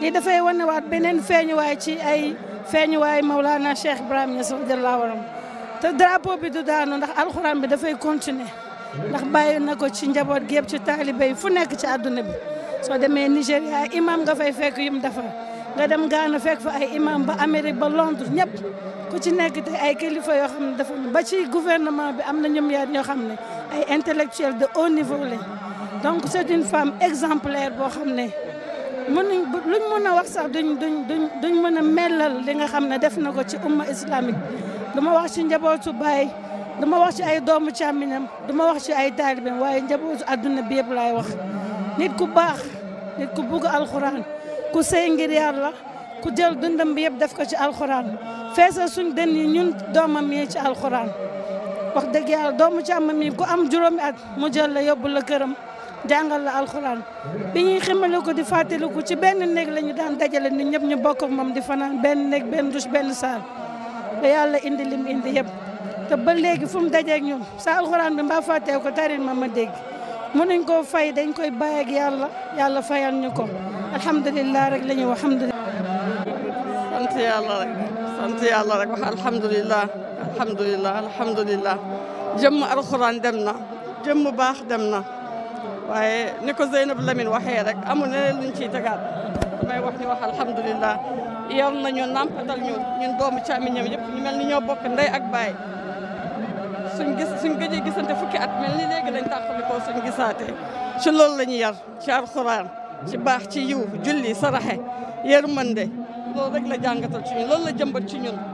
lii dafay wane waat beneen feeñuwaay ci ay feeñuwaay Maulana Cheikh Ibrahim Niass radiyallahu anhu te drapeau bi du daanu ndax alxuraan bi dafay continuer ndax bàyyi na ko ci njaboot gi yëpp ci taalibe yi fu nekk ci àdduna bi soo demee Nigéria imam nga fay fekk yum defar nga dem Ghana fekk fa ay imam ba Amérique ba Londres ñëpp ku ci nekk te ay kilifa yoo xam ne dafa ba ci gouvernement bi am na ñoom ñoo xam ne ay intellectuel de donc c'est une femme exemplaire boo xam ne mënuñ luñ mën a wax sax duñ duñ duñ duñ mën a mellal li nga xam ne def na ko ci umma islamique duma wax ci njabootu baay duma wax ci ay doomu càmmiñam duma wax ci ay taalibeem waaye njabootu àdduna bi yëpp laay wax nit ku baax nit ku bugg alxuraan ku sey ngir yàlla ku jël dundam bi yëpp def ko ci alxuraan feesal suñ den yi ñun doomam yi ci alxuraan wax dëgg yàlla doomu càmmam yi ku am juróomi at mu jël la yóbbu la këram jàngal la alxuraan bi ñuy ximale ko di fàttaliku ci benn néeg la ñu daan dajale nit ñëpp ñu bokk moom di fanaan benn néeg benn du si benn saal te yàlla indi lim indi yëpp te ba léegi fu mu dajeek ñun sa alxuraan bi mbaa fàttee ko tarin ma ma dégg mënuñ koo fay dañ koy bàyyi yàlla yàlla fayal ñu ko alhamdulilah rek la ñuy wax alhamdulilah. sant yàlla rek sant yàlla rek wax alhamdulilah alhamdulilah alhamdulilah jëmm alxuraan dem na jëmm baax dem na. waaye ni ko Zeynab Lamine waxee rek amul leneen luñ ciy tegaat damay wax ni wax alhamdulilah yar nañu nàmpatal ñu ñun doomu càmmiñam yëpp ñu mel ni ñoo bokk ndey ak baay suñ gis suñ gëjee gisante fukki at mel ni léegi dañ tàqalikoo suñ gisaatee ci loolu la ñu yar ci alxuraan ci baax ci yiw julli saraxe yërmande loo rek la jàngatal ci ñun loolu la jëmbat ci ñun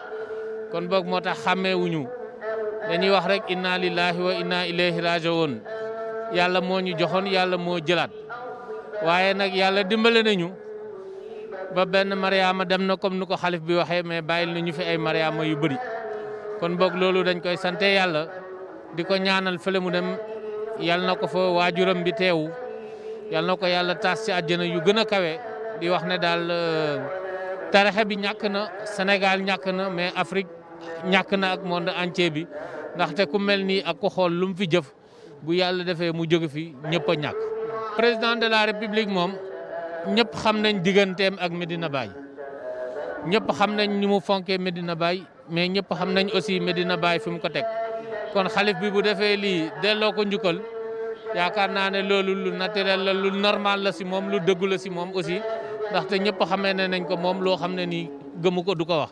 kon boog moo tax xàmmeewuñu dañuy wax rek inna lillahi wa inna ilayhi rajiun yàlla moo ñu joxoon yàlla moo jëlaat waaye nag yàlla dimbale nañu ba benn mariama dem na comme nu ko xalif bi waxee mais bàyyil na ñu fi ay mariama yu bëri kon boog loolu dañ koy sante yàlla di ko ñaanal fële mu dem yal na ko fa waajuram bi teewu yal na ko yàlla taas ci àjjana yu gën a kawe di wax ne daal euh, tarixa bi ñàkk na Sénégal ñàkk na mais Afrique ñàkk na ak moo entier bi ndaxte ku mel nii ak ko xool lu mu fi jëf bu yàlla defee mu jóge fi ñëpp a ñàkk. président de la république moom ñëpp xam nañ digganteem ak Medina Baye ñëpp xam nañ ni mu fonkee Medina Baye mais ñëpp xam nañ aussi Medina Baye fi mu ko teg kon xalif bi bu defee li delloo ko njukkal yaakaar naa ne loolu lu naturel la lu normal la si moom lu dëggu la si moom aussi ndaxte ñëpp xamee ne nañ ko moom loo xam ne nii gëmu ko du ko wax.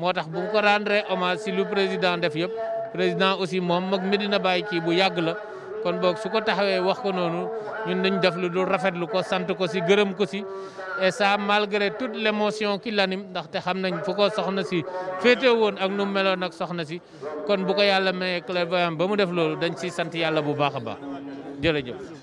moo tax bu ko rendre hommage si lu président def yëpp président aussi moom mag Medina bàyyi kii bu yàgg la kon boo su ko taxawee wax ko noonu ñun dañ def lu dul rafetlu ko sant ko si gërëm ko si et ça malgré toute l' émotion qui l'anime ndaxte xam nañ fu ko soxna si féete woon ak nu mu meloon ak soxna si kon bu ko yàlla mayee clairvoyant ba mu def loolu dañ si sant yàlla bu baax a baax jërëjëf.